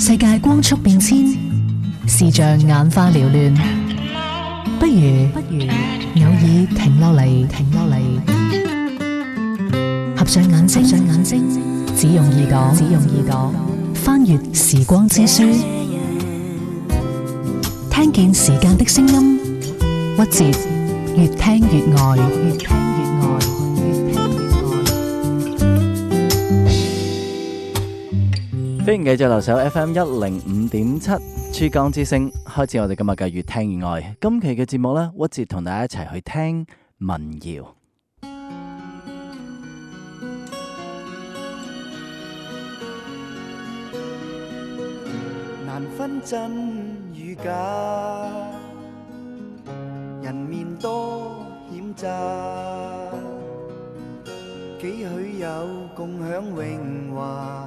世界光速變遷，視像眼花撩亂，不如不如，偶爾停落嚟，停落嚟，合上眼睛，合上眼睛，只用耳朵，只用耳朵，翻閱時光之書，Yeah. 聽見時間的聲音，屈折越聽越愛。歡迎繼續留守 FM 一零五點七珠江之聲，開始我哋今日嘅越聽越愛。今期嘅節目呢，屈折同大家一齊去聽民謠。難分真與假，人面多險詐，幾許有共享榮華。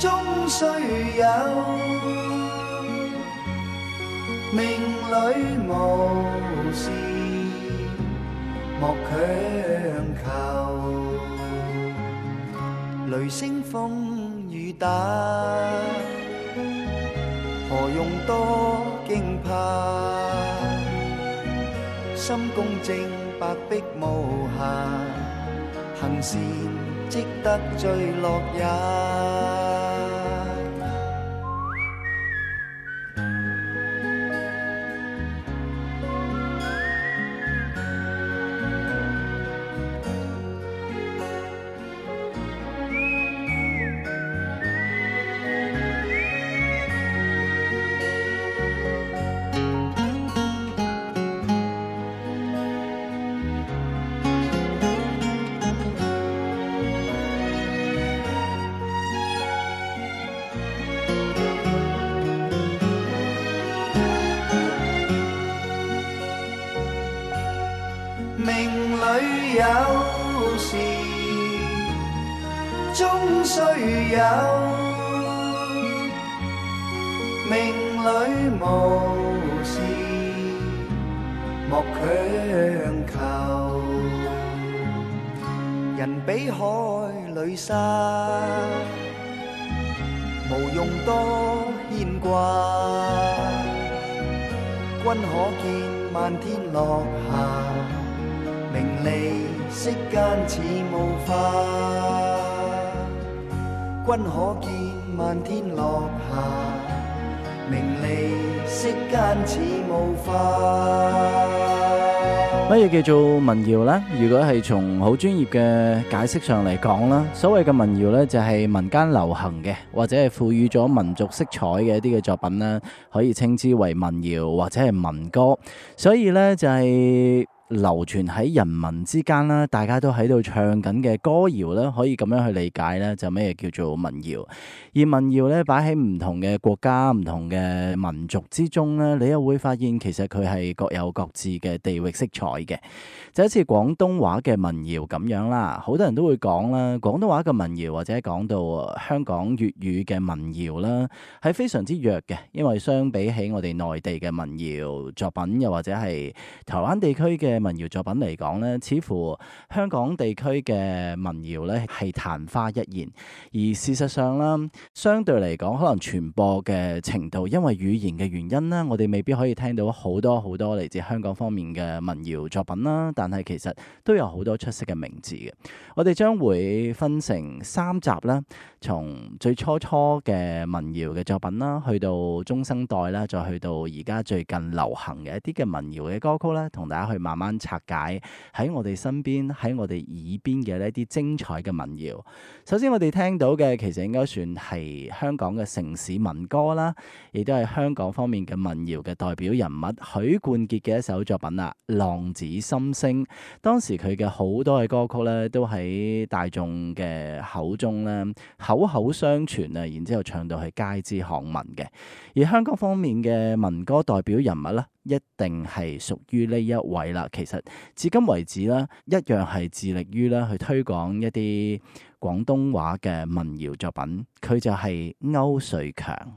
終須有，命裏無時莫強求，雷聲風雨打，何用多驚怕？心公正，白璧無瑕，行善積德最樂也。色間似霧花，君可見漫天落霞。明麗色間似霧花。乜嘢叫做民謠呢？如果係從好專業嘅解釋上嚟講啦，所謂嘅民謠呢，就係民間流行嘅，或者係賦予咗民族色彩嘅一啲嘅作品呢，可以稱之為民謠或者係民歌。所以呢，就是，就係。流傳喺人民之間啦，大家都喺度唱緊嘅歌謠啦。可以咁樣去理解咧，就咩叫做民謠。而民謠咧擺喺唔同嘅國家、唔同嘅民族之中咧，你又會發現其實佢係各有各自嘅地域色彩嘅。就好似廣東話嘅民謠咁樣啦，好多人都會講啦，廣東話嘅民謠或者講到香港粵語嘅民謠啦，係非常之弱嘅，因為相比起我哋內地嘅民謠作品，又或者係台灣地區嘅，民謠作品嚟講咧，似乎香港地區嘅民謠咧係曇花一現，而事實上啦，相對嚟講，可能傳播嘅程度，因為語言嘅原因啦，我哋未必可以聽到好多好多嚟自香港方面嘅民謠作品啦。但係其實都有好多出色嘅名字嘅。我哋將會分成三集啦，從最初初嘅民謠嘅作品啦，去到中生代啦，再去到而家最近流行嘅一啲嘅民謠嘅歌曲咧，同大家去慢慢拆解喺我哋身邊、喺我哋耳邊嘅呢一啲精彩嘅民謠。首先我哋聽到嘅其實應該算係香港嘅城市民歌啦，亦都係香港方面嘅民謠嘅代表人物許冠傑嘅一首作品啦，《浪子心聲》。當時佢嘅好多嘅歌曲咧都係。喺大眾嘅口中咧，口口相傳啊，然之後唱到係街知巷聞嘅。而香港方面嘅民歌代表人物咧，一定係屬於呢一位啦。其實至今為止咧，一樣係致力於咧去推廣一啲廣東話嘅民謠作品。佢就係歐瑞強。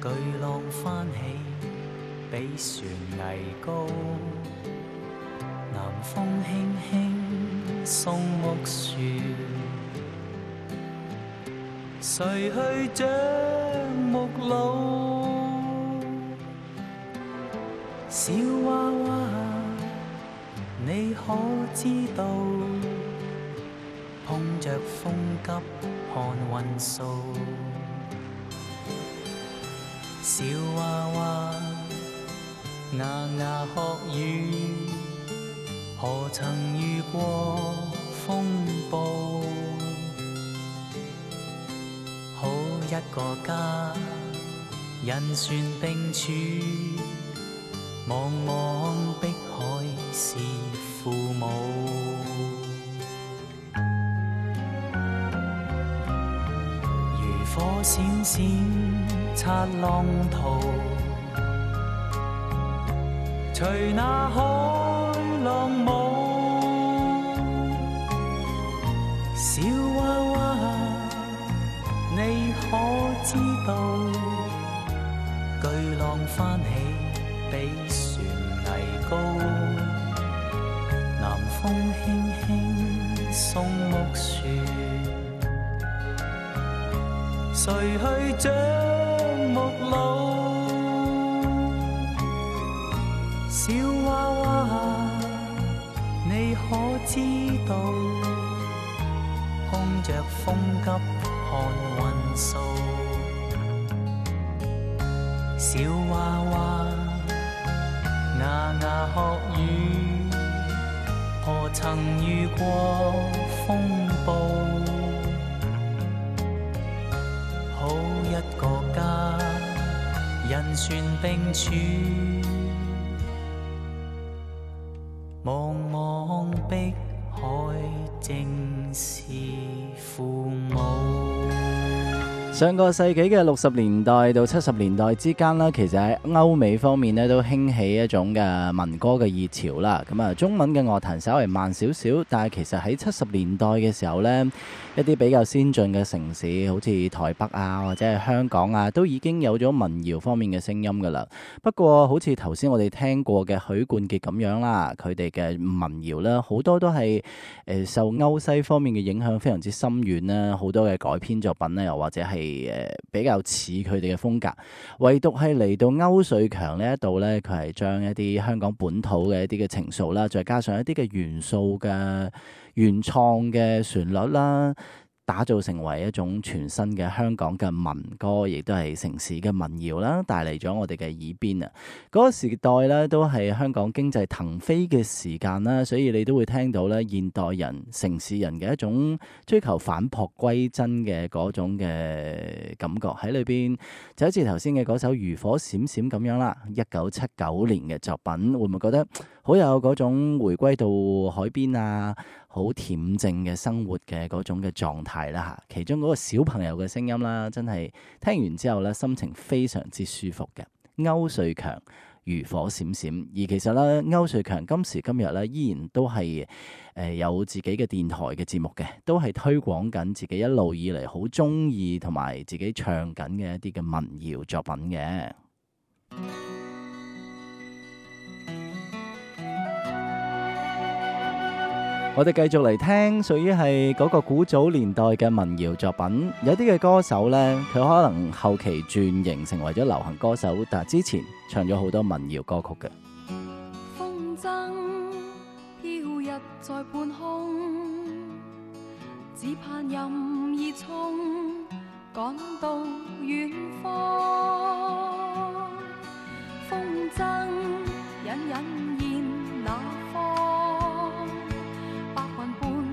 巨浪翻起，比船桅高。南風輕輕送木船，誰去掌木櫓？小娃娃，你可知道？碰着風急看雲數。小娃娃，牙牙學語，何曾遇過風暴？好一個家，人船定住，茫茫碧海是父母，如火閃閃。擦浪濤，隨那海浪舞。小娃娃，你可知道？巨浪翻起比船桅高，南風輕輕送木船。誰去掌？小娃娃，你可知道，碰着風急看雲掃。小娃娃，牙牙學語，何曾遇過風暴？好一個家，人船並處。上個世紀嘅六十年代到七十年代之間啦，其實喺歐美方面咧都興起一種嘅民歌嘅熱潮啦。咁啊，中文嘅樂壇稍為慢少少，但係其實喺七十年代嘅時候呢，一啲比較先進嘅城市，好似台北啊或者係香港啊，都已經有咗民謠方面嘅聲音㗎喇。不過好似頭先我哋聽過嘅許冠傑咁樣啦，佢哋嘅民謠咧好多都係誒受歐西方面嘅影響非常之深遠啦，好多嘅改編作品呢，又或者係。誒，比較似佢哋嘅風格，唯獨係嚟到歐瑞強呢一度咧，佢係將一啲香港本土嘅一啲嘅情愫啦，再加上一啲嘅元素嘅原創嘅旋律啦。打造成為一種全新嘅香港嘅民歌，亦都係城市嘅民謠啦，帶嚟咗我哋嘅耳邊啊！嗰個時代咧，都係香港經濟騰飛嘅時間啦，所以你都會聽到咧，現代人、城市人嘅一種追求反璞歸真嘅嗰種嘅感覺喺裏邊，就好似頭先嘅嗰首《漁火閃閃》咁樣啦，一九七九年嘅作品，會唔會覺得？好有嗰種回歸到海邊啊，好恬靜嘅生活嘅嗰種嘅狀態啦嚇。其中嗰個小朋友嘅聲音啦，真係聽完之後咧，心情非常之舒服嘅。歐瑞強如火閃閃。而其實咧，歐瑞強今時今日咧，依然都係誒、呃、有自己嘅電台嘅節目嘅，都係推廣緊自己一路以嚟好鍾意同埋自己唱緊嘅一啲嘅民謠作品嘅。我哋繼續嚟聽屬於係嗰個古早年代嘅民謠作品，有啲嘅歌手呢，佢可能後期轉型成為咗流行歌手，但係之前唱咗好多民謠歌曲嘅。風箏飄逸在半空，只盼任意沖，趕到遠方，風箏隱隱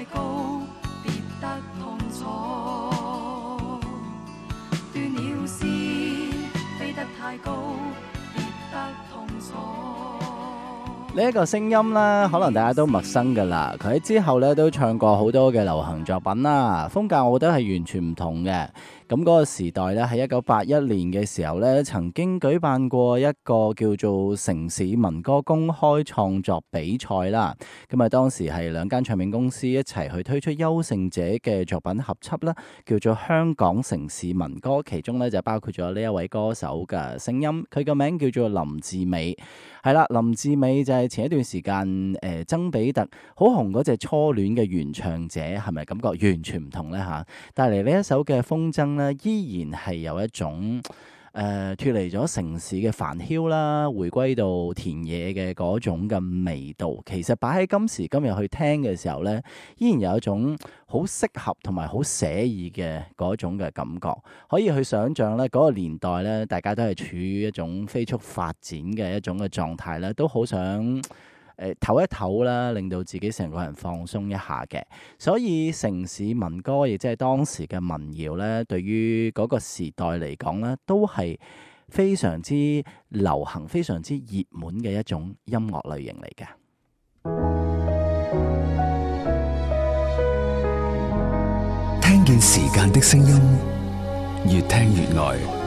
太高，跌得痛楚；呢一個聲音呢，可能大家都陌生噶啦。佢喺之後呢，都唱過好多嘅流行作品啦，風格我覺得係完全唔同嘅。咁嗰個時代咧，喺一九八一年嘅時候咧，曾經舉辦過一個叫做城市民歌公開創作比賽啦。咁啊，當時係兩間唱片公司一齊去推出優勝者嘅作品合輯啦，叫做《香港城市民歌》，其中咧就包括咗呢一位歌手嘅聲音，佢個名叫做林志美。係啦，林志美就係前一段時間誒，曾比特好紅嗰隻《初戀》嘅原唱者，係咪感覺完全唔同咧吓？帶嚟，呢一首嘅風箏咧，依然係有一種。誒脱、嗯、離咗城市嘅繁囂啦，回歸到田野嘅嗰種嘅味道，其實擺喺今時今日去聽嘅時候咧，依然有一種好適合同埋好寫意嘅嗰種嘅感覺，可以去想像咧嗰、那個年代咧，大家都係處於一種飛速發展嘅一種嘅狀態咧，都好想。誒，唞一唞啦，令到自己成個人放鬆一下嘅。所以城市民歌，亦即係當時嘅民謠呢，對於嗰個時代嚟講呢，都係非常之流行，非常之熱門嘅一種音樂類型嚟嘅。聽見時間的聲音，越聽越耐。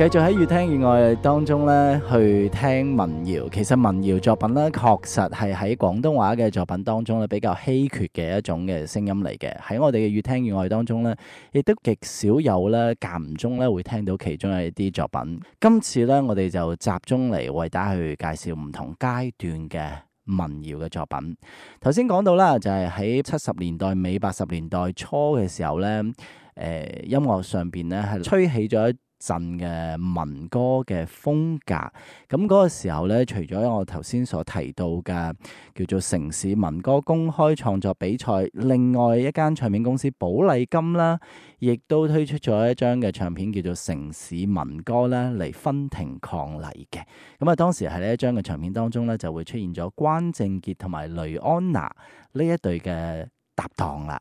繼續喺《粵聽粵愛》當中咧，去聽民謠。其實民謠作品咧，確實係喺廣東話嘅作品當中咧，比較稀缺嘅一種嘅聲音嚟嘅。喺我哋嘅《粵聽粵愛》當中咧，亦都極少有咧，間唔中咧會聽到其中一啲作品。今次咧，我哋就集中嚟為大家去介紹唔同階段嘅民謠嘅作品。頭先講到啦，就係喺七十年代尾，八十年代初嘅時候咧，誒、呃，音樂上邊咧係吹起咗鎮嘅民歌嘅風格，咁嗰個時候咧，除咗我頭先所提到嘅叫做城市民歌公開創作比賽，另外一間唱片公司寶麗金啦，亦都推出咗一張嘅唱片叫做《城市民歌》呢啦，嚟分庭抗禮嘅。咁啊，當時喺呢一張嘅唱片當中咧，就會出現咗關正傑同埋雷安娜呢一隊嘅搭檔啦。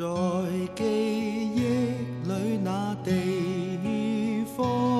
在記憶裏，那地方。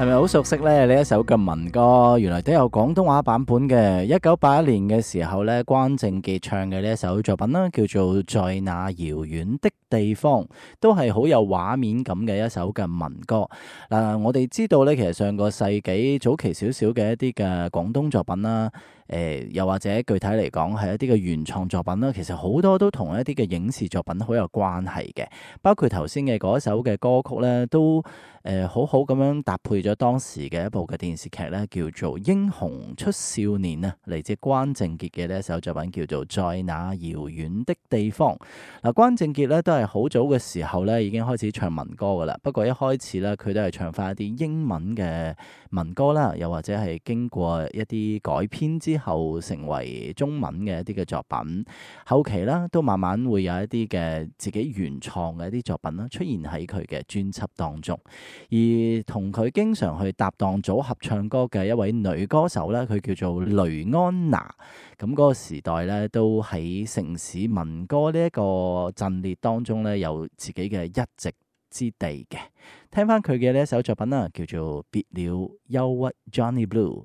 係咪好熟悉呢？呢一首嘅民歌，原來都有廣東話版本嘅。一九八一年嘅時候呢，關正傑唱嘅呢一首作品啦，叫做《在那遙遠的地方》，都係好有畫面感嘅一首嘅民歌。嗱，我哋知道呢，其實上個世紀早期少少嘅一啲嘅廣東作品啦。誒、呃、又或者具體嚟講係一啲嘅原創作品啦，其實好多都同一啲嘅影視作品好有關係嘅，包括頭先嘅嗰一首嘅歌曲咧，都誒、呃、好好咁樣搭配咗當時嘅一部嘅電視劇咧，叫做《英雄出少年》啊，嚟自關正傑嘅呢一首作品叫做《在那遙遠的地方》。嗱，關正傑咧都係好早嘅時候咧已經開始唱民歌噶啦，不過一開始咧佢都係唱翻一啲英文嘅民歌啦，又或者係經過一啲改編之後。後成為中文嘅一啲嘅作品，後期咧都慢慢會有一啲嘅自己原創嘅一啲作品啦，出現喺佢嘅專輯當中。而同佢經常去搭檔組合唱歌嘅一位女歌手咧，佢叫做雷安娜。咁、那、嗰個時代咧，都喺城市民歌呢一個陣列當中咧，有自己嘅一席之地嘅。聽翻佢嘅呢一首作品啦，叫做《別了憂鬱 Johnny Blue》。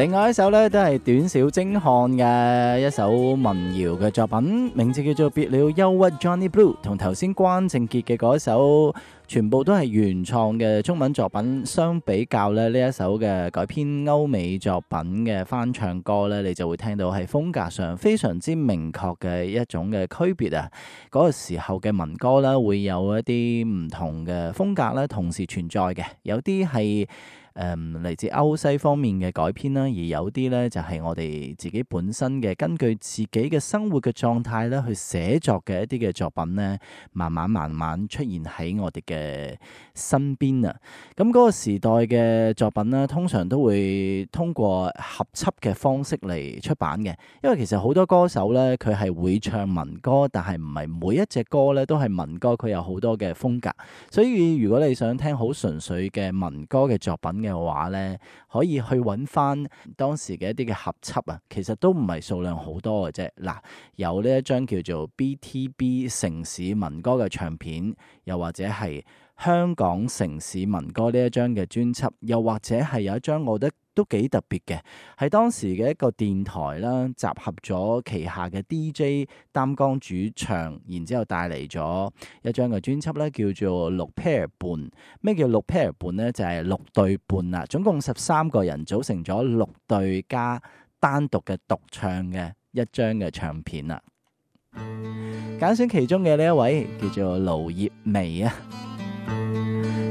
另外一首呢，都係短小精悍嘅一首民謠嘅作品，名字叫做《別了憂鬱》Johnny Blue，同頭先關正傑嘅嗰一首，全部都係原創嘅中文作品。相比較呢，呢一首嘅改編歐美作品嘅翻唱歌呢，你就會聽到喺風格上非常之明確嘅一種嘅區別啊！嗰個時候嘅民歌呢，會有一啲唔同嘅風格呢同時存在嘅，有啲係。誒，嚟自歐西方面嘅改編啦，而有啲咧就係我哋自己本身嘅，根據自己嘅生活嘅狀態咧，去寫作嘅一啲嘅作品咧，慢慢慢慢出現喺我哋嘅身邊啊。咁嗰個時代嘅作品呢，通常都會通過合輯嘅方式嚟出版嘅，因為其實好多歌手咧，佢係會唱民歌，但係唔係每一隻歌咧都係民歌，佢有好多嘅風格，所以如果你想聽好純粹嘅民歌嘅作品嘅話咧，可以去揾翻當時嘅一啲嘅合輯啊，其實都唔係數量好多嘅啫。嗱，有呢一張叫做 B.T.B 城市民歌嘅唱片，又或者係，香港城市民歌呢一張嘅專輯，又或者係有一張，我覺得都幾特別嘅，係當時嘅一個電台啦，集合咗旗下嘅 DJ 擔綱主唱，然之後帶嚟咗一張嘅專輯咧，叫做《六 pair 半》。咩叫六 pair 半呢？就係、是、六對半啦，總共十三個人組成咗六對加單獨嘅獨唱嘅一張嘅唱片啦。揀選其中嘅呢一位叫做盧葉薇。啊。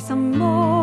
為什麼？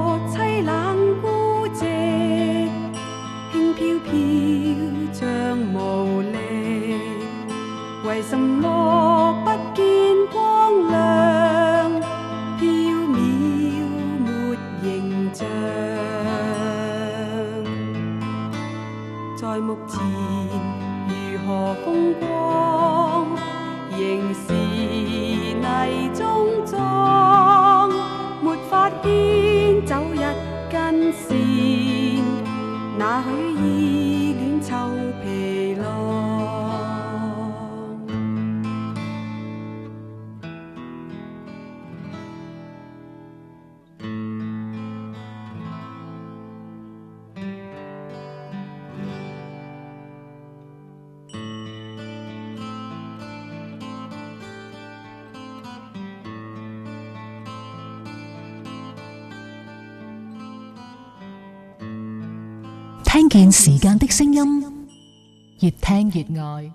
越聽越愛。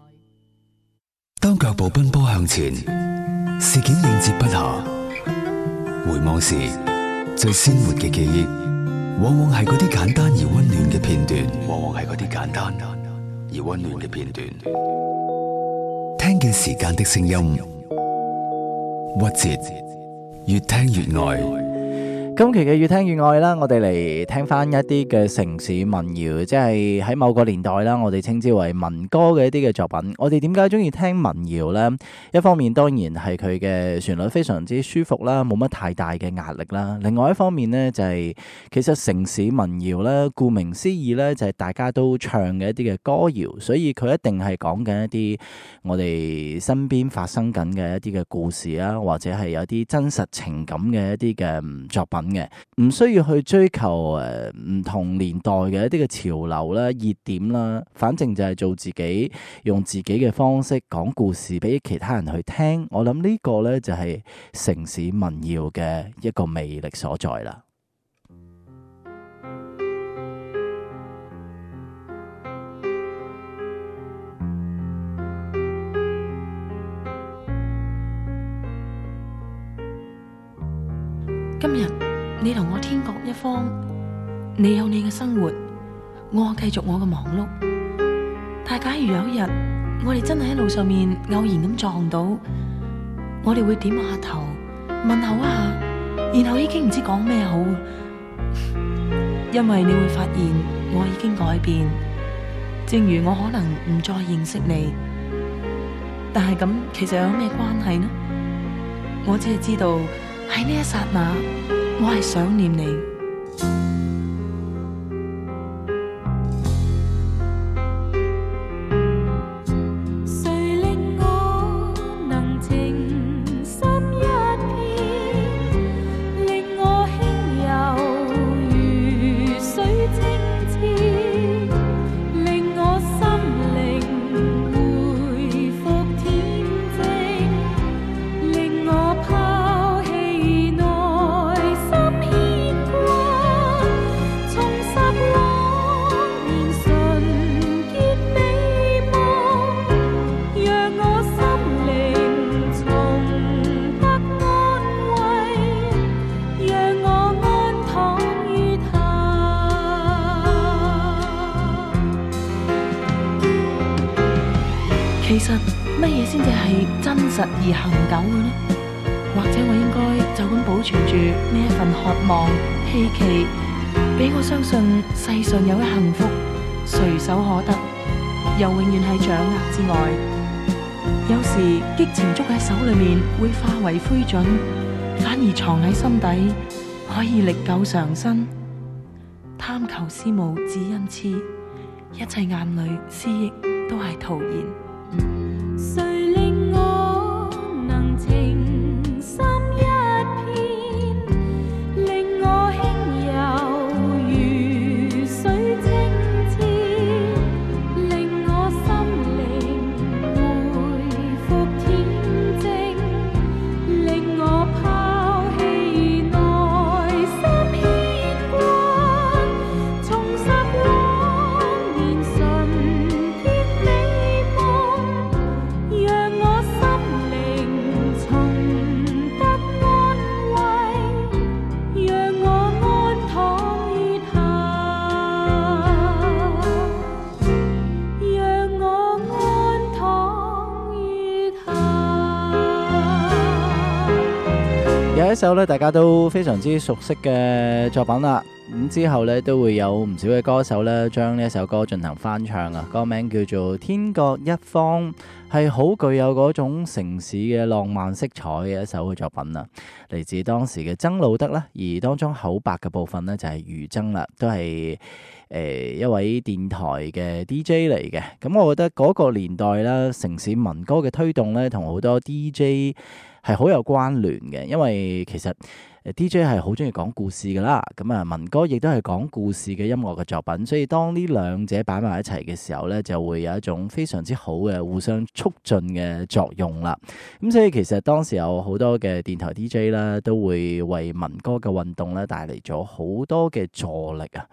當腳步奔波向前，事件應接不暇。回望時，最鮮活嘅記憶，往往係嗰啲簡單而溫暖嘅片段。往往係嗰啲簡單而溫暖嘅片段。聽見時間的聲音，曲折，越聽越愛。今期嘅越聽越愛啦，我哋嚟聽翻一啲嘅城市民謠，即係喺某個年代啦，我哋稱之為民歌嘅一啲嘅作品。我哋點解中意聽民謠咧？一方面當然係佢嘅旋律非常之舒服啦，冇乜太大嘅壓力啦。另外一方面咧，就係其實城市民謠咧，顧名思義咧，就係大家都唱嘅一啲嘅歌謠，所以佢一定係講緊一啲我哋身邊發生緊嘅一啲嘅故事啊，或者係有啲真實情感嘅一啲嘅作品。唔需要去追求誒，唔同年代嘅一啲嘅潮流啦、熱點啦，反正就係做自己，用自己嘅方式講故事俾其他人去聽。我諗呢個呢，就係城市民謠嘅一個魅力所在啦。今日。你同我天各一方，你有你嘅生活，我繼續我嘅忙碌。但係假如有一日，我哋真係喺路上面偶然咁撞到，我哋會點下頭，問候一下，然後已經唔知講咩好。因為你會發現我已經改變，正如我可能唔再認識你，但係咁其實有咩關係呢？我只係知道喺呢一剎那，我係想念你。情捉喺手裏面會化為灰燼，反而藏喺心底可以歷久常新，貪求思慕，只因痴，一切眼淚思憶都係徒然。就咧，大家都非常之熟悉嘅作品啦。咁之後呢，都會有唔少嘅歌手咧，將呢一首歌進行翻唱啊。歌名叫做《天各一方》，係好具有嗰種城市嘅浪漫色彩嘅一首嘅作品啦，嚟自當時嘅曾路德啦。而當中口白嘅部分呢，就係、是、余爭啦，都係誒、呃、一位電台嘅 DJ 嚟嘅。咁我覺得嗰個年代啦，城市民歌嘅推動呢，同好多 DJ。係好有關聯嘅，因為其實 DJ 係好中意講故事噶啦，咁啊民歌亦都係講故事嘅音樂嘅作品，所以當呢兩者擺埋一齊嘅時候呢，就會有一種非常之好嘅互相促進嘅作用啦。咁所以其實當時有好多嘅電台 DJ 咧，都會為民歌嘅運動咧帶嚟咗好多嘅助力啊！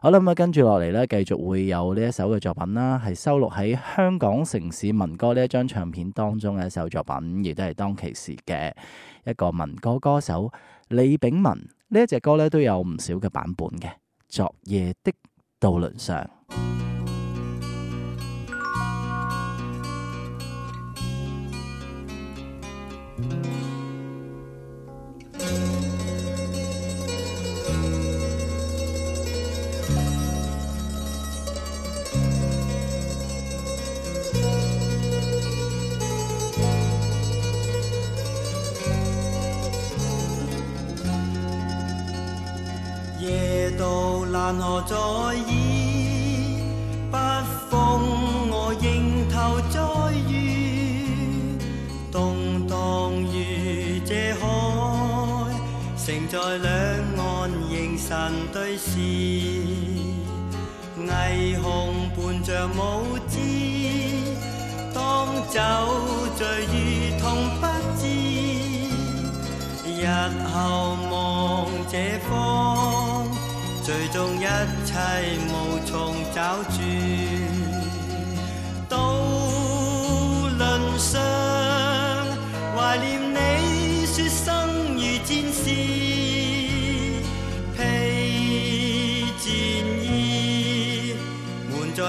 好啦，咁啊，跟住落嚟咧，繼續會有呢一首嘅作品啦，係收錄喺《香港城市民歌》呢一張唱片當中嘅一首作品，亦都係當其時嘅一個民歌歌手李炳文，呢一隻歌咧都有唔少嘅版本嘅，《昨夜的渡輪上》。在兩岸凝神對視，霓虹伴着舞姿，當酒醉與痛不知，日後望這方，最終一切無從找尋。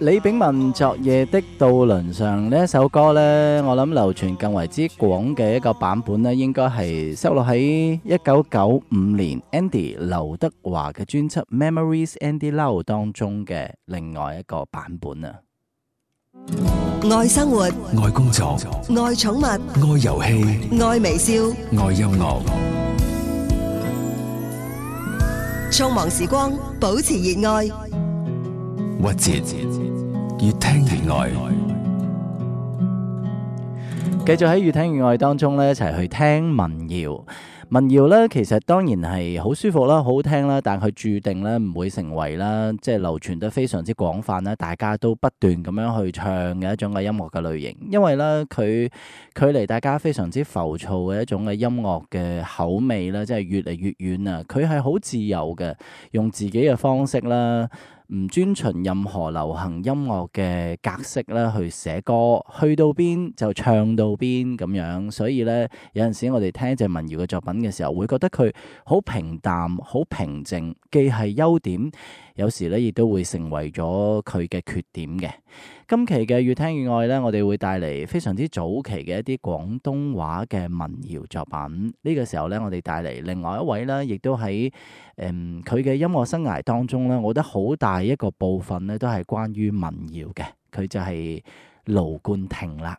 李炳文昨夜的渡輪上呢一首歌呢，我諗流傳更為之廣嘅一個版本呢，應該係收錄喺一九九五年 Andy 劉德華嘅專輯《Memories Andy Lau》當中嘅另外一個版本啊。愛生活，愛工作，愛寵物，愛遊戲，愛微笑，愛音樂。匆忙時光，保持熱愛。越聽越愛。繼續喺越聽越愛當中咧，一齊去聽民謠。民謠咧，其實當然係好舒服啦，好聽啦。但佢注定咧唔會成為啦，即係流傳得非常之廣泛啦。大家都不斷咁樣去唱嘅一種嘅音樂嘅類型。因為呢，佢距離大家非常之浮躁嘅一種嘅音樂嘅口味咧，即係越嚟越遠啊。佢係好自由嘅，用自己嘅方式啦。唔遵循任何流行音樂嘅格式咧去寫歌，去到邊就唱到邊咁樣。所以咧，有陣時我哋聽一隻民謠嘅作品嘅時候，會覺得佢好平淡、好平靜，既係優點，有時咧亦都會成為咗佢嘅缺點嘅。今期嘅越聽越愛咧，我哋會帶嚟非常之早期嘅一啲廣東話嘅民謠作品。呢個時候咧，我哋帶嚟另外一位咧，亦都喺誒佢嘅音樂生涯當中咧，我覺得好大。第一個部分咧都係關於民謠嘅，佢就係盧冠廷啦。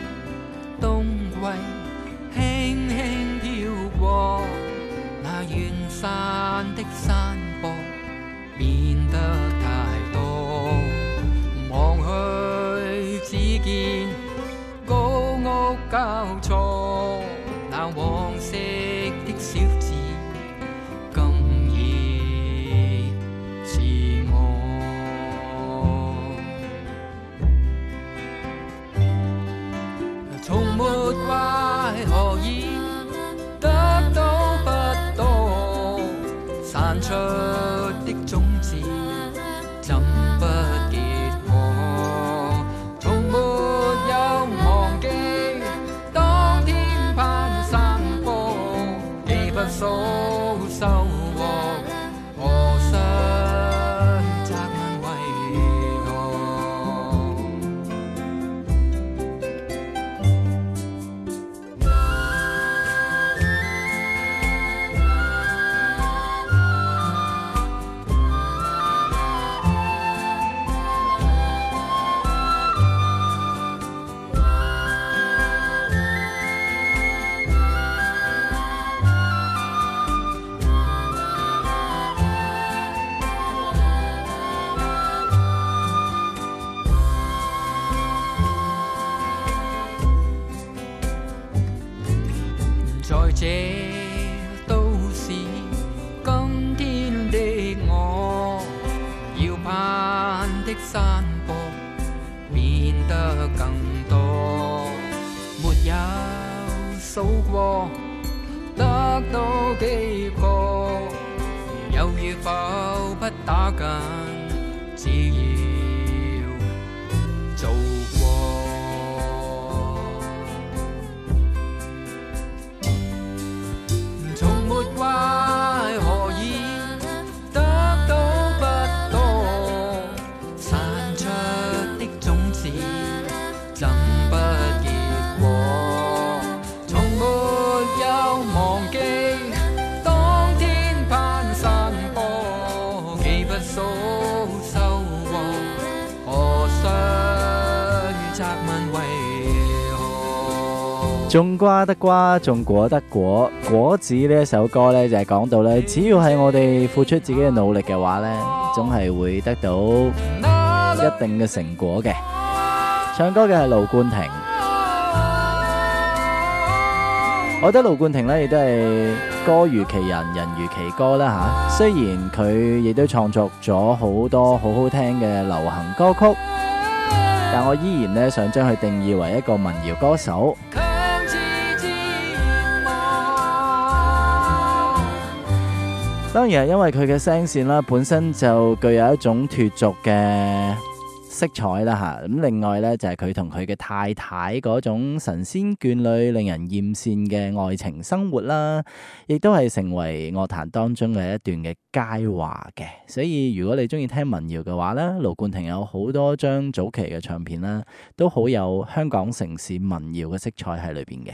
只見高屋交錯，那黃色。數過得多幾個，又是否不打緊。自然。種瓜得瓜，種果得果。果子呢一首歌呢，就係、是、講到呢：只要係我哋付出自己嘅努力嘅話呢，總係會得到一定嘅成果嘅。唱歌嘅係盧冠廷，我覺得盧冠廷呢，亦都係歌如其人，人如其歌啦吓、啊。雖然佢亦都創作咗好多好好聽嘅流行歌曲，但我依然呢，想將佢定義為一個民謠歌手。當然係因為佢嘅聲線啦，本身就具有一種脫俗嘅色彩啦吓。咁另外呢就係佢同佢嘅太太嗰種神仙眷侶、令人艷羨嘅愛情生活啦，亦都係成為樂壇當中嘅一段嘅佳話嘅。所以如果你中意聽民謠嘅話呢，盧冠廷有好多張早期嘅唱片啦，都好有香港城市民謠嘅色彩喺裏邊嘅。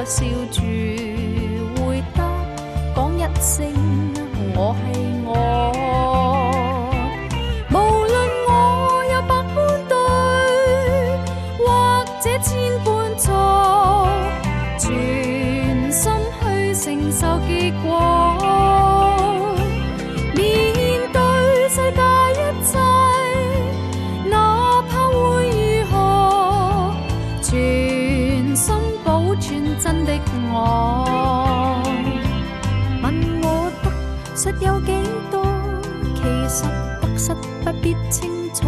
我笑住回答，講一聲，我係我。不必清楚，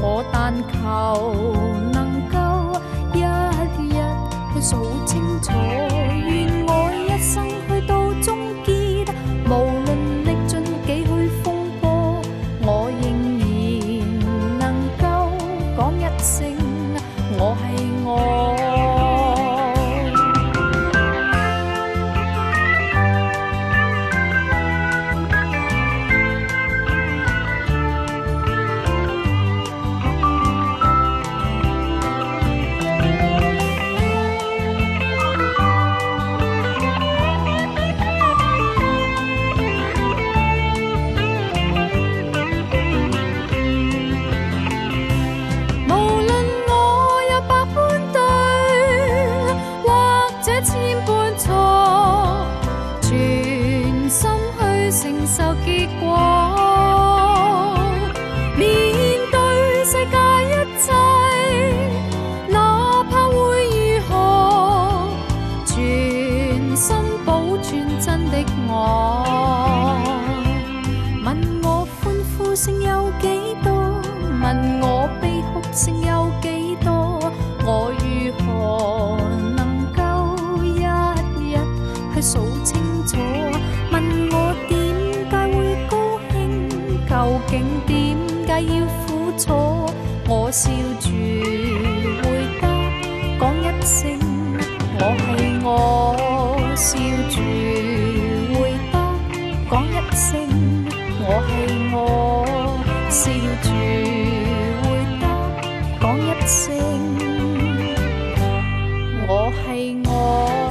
我但求能夠一日去數清楚。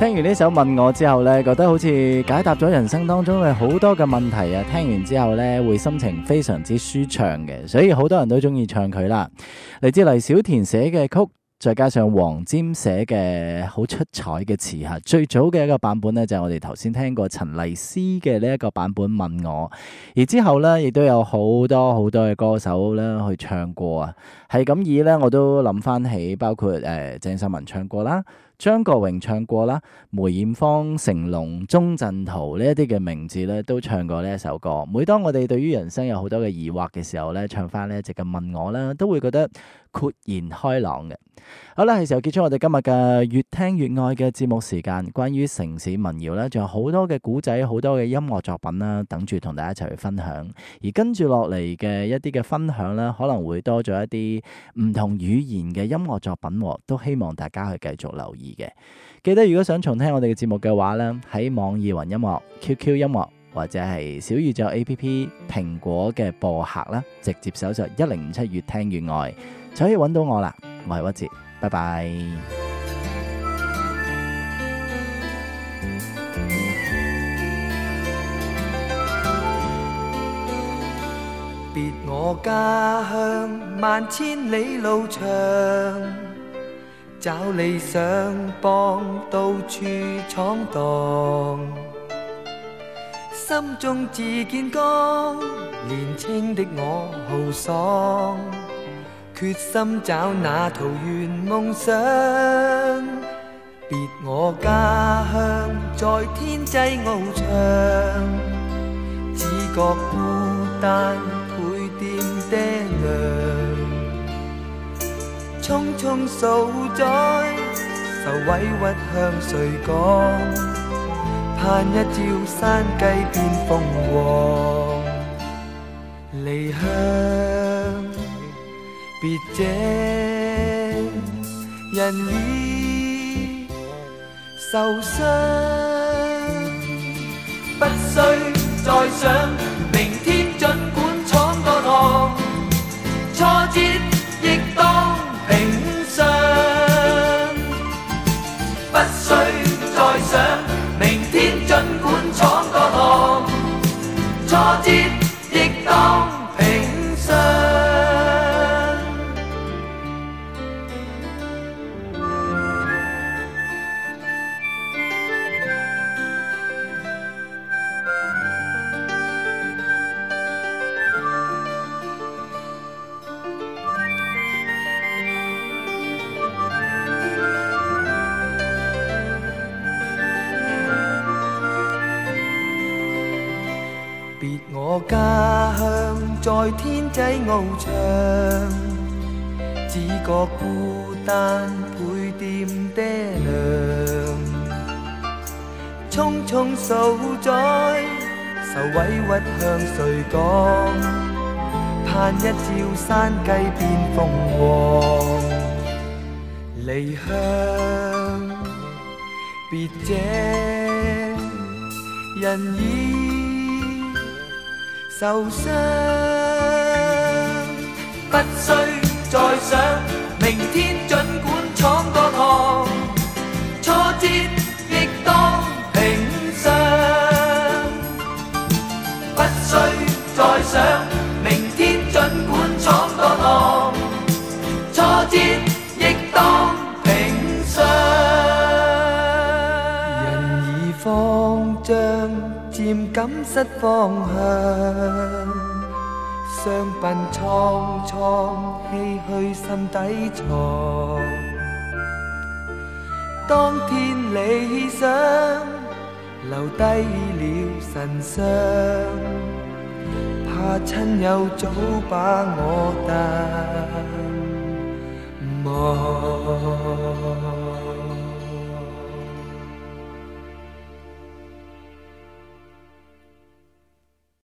聽完呢首問我之後呢，覺得好似解答咗人生當中嘅好多嘅問題啊！聽完之後呢，會心情非常之舒暢嘅，所以好多人都中意唱佢啦，嚟自黎小田寫嘅曲。再加上黃霑寫嘅好出彩嘅詞嚇，最早嘅一個版本咧就係我哋頭先聽過陳麗斯嘅呢一個版本問我，而之後咧亦都有好多好多嘅歌手咧去唱過啊，係咁以咧我都諗翻起包括誒、呃、鄭秀文唱過啦，張國榮唱過啦，梅艷芳、成龍、鍾鎮濤呢一啲嘅名字咧都唱過呢一首歌。每當我哋對於人生有好多嘅疑惑嘅時候咧，唱翻咧直咁問我咧，都會覺得豁然開朗嘅。好啦，係時候結束我哋今日嘅越聽越愛嘅節目時間。關於城市民謠咧，仲有好多嘅古仔，好多嘅音樂作品啦，等住同大家一齊去分享。而跟住落嚟嘅一啲嘅分享咧，可能會多咗一啲唔同語言嘅音樂作品，都希望大家去繼續留意嘅。記得如果想重聽我哋嘅節目嘅話呢，喺網易雲音樂、QQ 音樂或者係小宇宙 A P P、蘋果嘅播客啦，直接搜索一零五七越聽越愛。就可以揾到我啦！我係屈哲，拜拜。別我家鄉，萬千里路長，找理想幫到處闖蕩，心中自堅剛，年輕的我豪爽。決心找那桃源夢想，別我家鄉，在天際翱翔。只覺孤單，背添爹娘，匆匆數載，受委屈向誰講？盼一朝山雞變鳳凰。別者人已受傷，不需再想。別我家鄉，在天際翱翔，只覺孤單，倍念爹娘。匆匆數載，受委屈向誰講？盼一朝山雞變鳳凰，離鄉別井人已。受傷，不需再想。明天儘管闖過趟，挫折亦當平常。不需再想。念感失方向，傷鬢蒼蒼，唏噓心底藏。當天理想，留低了神傷，怕親友早把我淡忘。